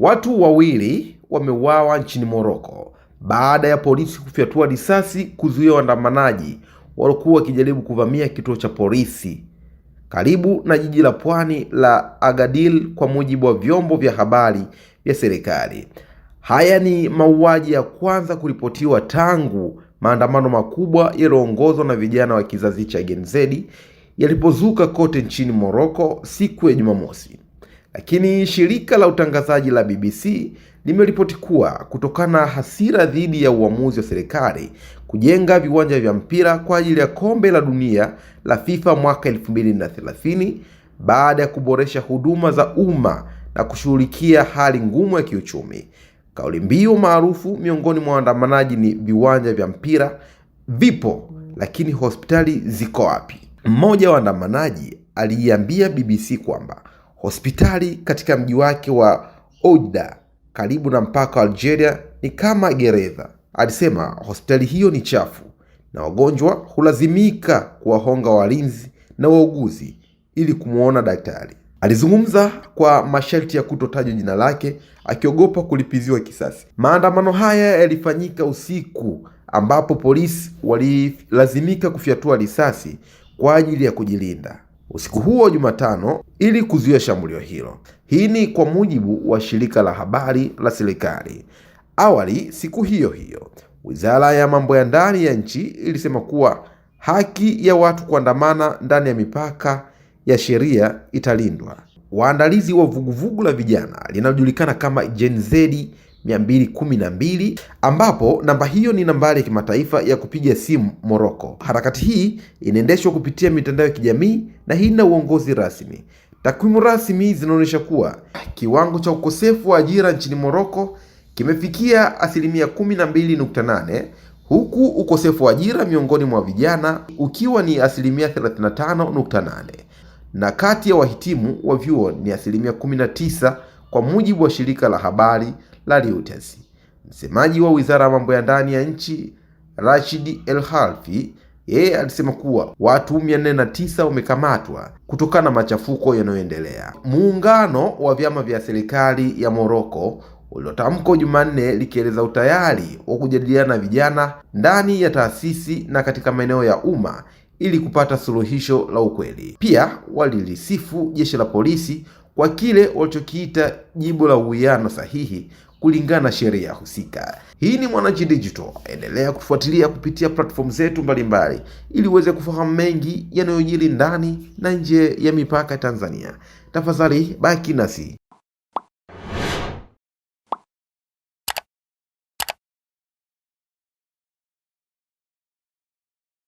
Watu wawili wameuawa nchini Moroko baada ya polisi kufyatua risasi kuzuia waandamanaji waliokuwa wakijaribu kuvamia kituo cha polisi karibu na jiji la pwani la Agadir, kwa mujibu wa vyombo vya habari vya serikali. Haya ni mauaji ya kwanza kuripotiwa tangu maandamano makubwa yaliyoongozwa na vijana wa kizazi cha Gen Z yalipozuka kote nchini Moroko siku ya Jumamosi. Lakini shirika la utangazaji la BBC limeripoti kuwa kutokana na hasira dhidi ya uamuzi wa serikali kujenga viwanja vya mpira kwa ajili ya kombe la dunia la FIFA mwaka 2030 baada ya kuboresha huduma za umma na kushughulikia hali ngumu ya kiuchumi, kauli mbiu maarufu miongoni mwa waandamanaji ni viwanja vya mpira vipo, lakini hospitali ziko wapi? Mmoja wa waandamanaji aliiambia BBC kwamba Hospitali katika mji wake wa Oujda karibu na mpaka wa Algeria ni kama gereza. Alisema hospitali hiyo ni chafu na wagonjwa hulazimika kuwahonga walinzi na wauguzi ili kumwona daktari. Alizungumza kwa masharti ya kutotajwa jina lake, akiogopa kulipiziwa kisasi. Maandamano haya yalifanyika usiku, ambapo polisi walilazimika kufyatua risasi kwa ajili ya kujilinda usiku huo Jumatano ili kuzuia shambulio hilo. Hii ni kwa mujibu wa shirika la habari la serikali. Awali siku hiyo hiyo, wizara ya mambo ya ndani ya nchi ilisema kuwa haki ya watu kuandamana ndani ya mipaka ya sheria italindwa. Waandalizi wa vuguvugu la vijana linalojulikana kama Gen Z 212 ambapo namba hiyo ni nambari ya kimataifa ya kupiga simu moroko Harakati hii inaendeshwa kupitia mitandao ya kijamii na haina uongozi rasmi. Takwimu rasmi zinaonyesha kuwa kiwango cha ukosefu wa ajira nchini moroko kimefikia asilimia 12.8 huku ukosefu wa ajira miongoni mwa vijana ukiwa ni asilimia 35.8 na kati ya wahitimu wa vyuo ni asilimia 19 kwa mujibu wa shirika la habari la Reuters. Msemaji wa wizara ya mambo ya ndani ya nchi Rashid El Khalfi yeye alisema kuwa watu 409 wamekamatwa kutokana na machafuko yanayoendelea. Muungano wa vyama vya serikali ya moroko uliotamko Jumanne likieleza utayari wa kujadiliana na vijana ndani ya taasisi na katika maeneo ya umma ili kupata suluhisho la ukweli. Pia walilisifu jeshi la polisi kwa kile walichokiita jibu la uwiano sahihi kulingana na sheria husika. Hii ni Mwananchi Digital, endelea kufuatilia kupitia platform zetu mbalimbali ili uweze kufahamu mengi yanayojiri ndani na nje ya mipaka Tanzania. Tafadhali baki nasi.